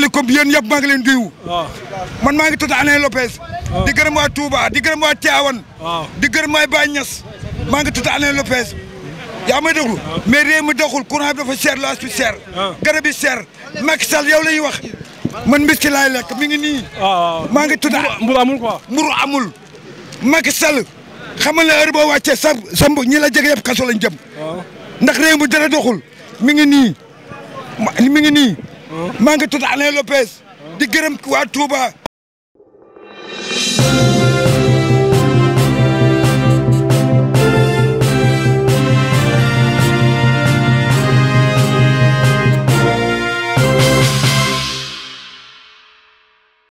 asalaamaaleykum yéen yëpp maa ngi leen diwu man maa ngi tudd Alain Lopez di gërëm waa Touba di gërëm waa Tiawan di gërëm waay Baye Niass maa ngi tudd Alain Lopez yaa may déglu mais réew mi doxul courant bi dafa cher loas bi cher garab yi cher Macky Sall yow la ñuy wax man mbis ci laay lekk mi ngi nii maa ngi tudd mburu amul quoi mburu amul Macky Sall xamal na heure boo wàccee sa samb ñi la jege yëpp kaso lañ jëm ndax réew dara doxul mi ngi nii mi ngi nii maa ngi tudd Alain Lopez. di gërëm waa Touba